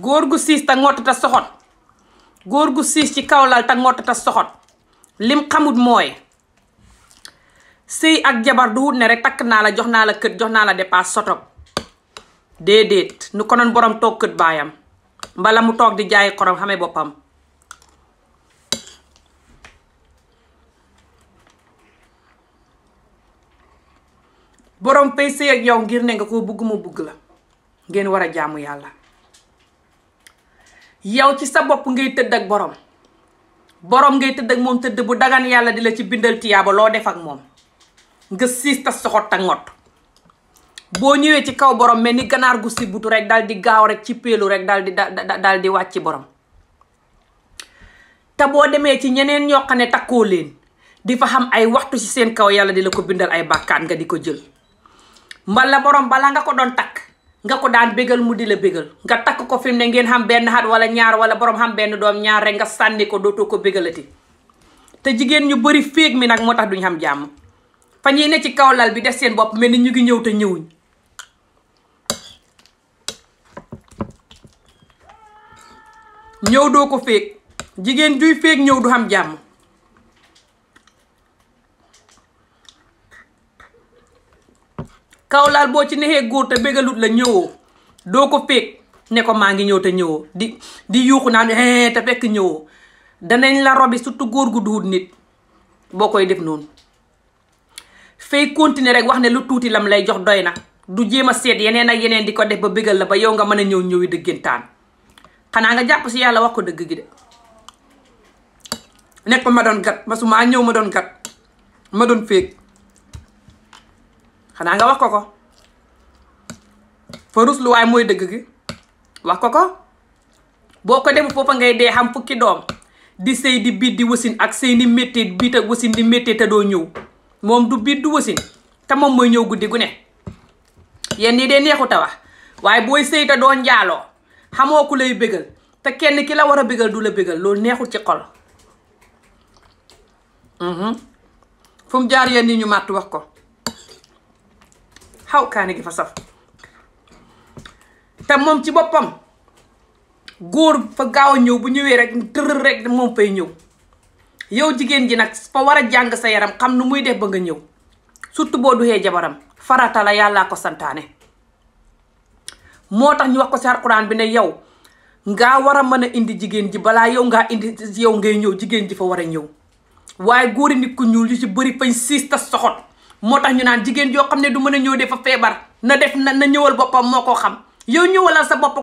góor gu siis te ngott te soxot góor gu siis ci kawlal te ngott te soxot lim xamut mooy sëy ak jabar du wut ne rek takk naa la jox naa la kët jox naa la dépasse sotop déedéet nu konoon borom toog kët baayam mbala mu toog di jaayi xorom xame boppam borom pay sëy ak yow ngir ne nga ko bugg bugg la ngeen war a jaamu yàlla yow ci sa bopp ngay tëdd ak borom borom ngay tëdd ak moom tëdd bu dagan yàlla di la ci bindal tiyaaba loo def ak moom nga siis ta soxot ta ngott boo ñëwee ci kaw borom mel ni ganaar gu sibutu rek dal di gaaw rek ci péelu rek dal di dal di borom te boo demee ci ñeneen ñoo ne takkoo leen di fa xam ay waxtu ci seen kaw yàlla di la ko bindal ay bàkkaat nga di ko jël mbala borom bala nga ko doon takk nga ko daan bégal mu di la bégal nga takk ko fi mu ne ngeen xam benn xat wala ñaar wala borom xam benn doom ñaar rek nga sànni ko doo dootoo ko bégalati te jigéen ñu bari féeg mi nag moo tax duñ xam jàmm fa ñuy ne ci kaw lal bi def seen bopp mel ni ñu ngi ñëw te ñëwuñ ñëw doo ko féeg jigéen juy féeg ñëw du xam jàmm kaw laal boo ci nexee góor te bégalut la ñëwoo doo ko péeg ne ko maa ngi ñëw te ñëwoo di di yuuxu naan te fekk ñëwoo danañ la robi surtout góor gu duut nit boo koy def noonu fay continuer rek wax ne lu tuuti lam lay jox doy na du jéem a seet yeneen ak yeneen di ko def ba bégal la ba yow nga mën a ñëw ñëwi dëggantaan xanaa nga jàpp si yàlla wax ko dëgg gi de nekk ma doon gat ma su maa ñëw ma doon gat ma doon féeg xanaa nga wax ko ko fa rusluwaay mooy dëgg gi wax ko ko boo ko def foofa ngay dee xam fukki doom di sëy di biit di wasin ak sëy ni méttee biit ak wasin di méttee te doo ñëw moom du biit du wasin te moom mooy ñëw guddi gu ne yenn yi dee neexu ta wax waaye booy sëy te doo njaaloo xamoo ku lay bégal te kenn ki la war a bégal du la bégal loolu neexul ci xol mhm. fu mu jaar yenn yi ñu màtt wax ko xawkaane gi fa saf te moom ci boppam góor fa gaaw a ñëw bu ñëwee rek tërër rek moom fay ñëw yow jigéen ji nag fa war a jàng sa yaram xam nu muy def ba nga ñëw surtout boo duxee jabaram farata la yàllaa ko santaane moo tax ñu wax ko ci alxuraan bi ne yow ngaa war a mën a indi jigéen ji balaa yow ngaa indi yow ngay ñëw jigéen ji fa war a ñëw waaye góori nit ku ñuul yu ci bëri fañ siis ta soxot moo tax ñu naan jigéen joo xam ne du man a ñëw fa feebar na def na na ñëwal boppam moo ko xam yow ñëwalal sa bopp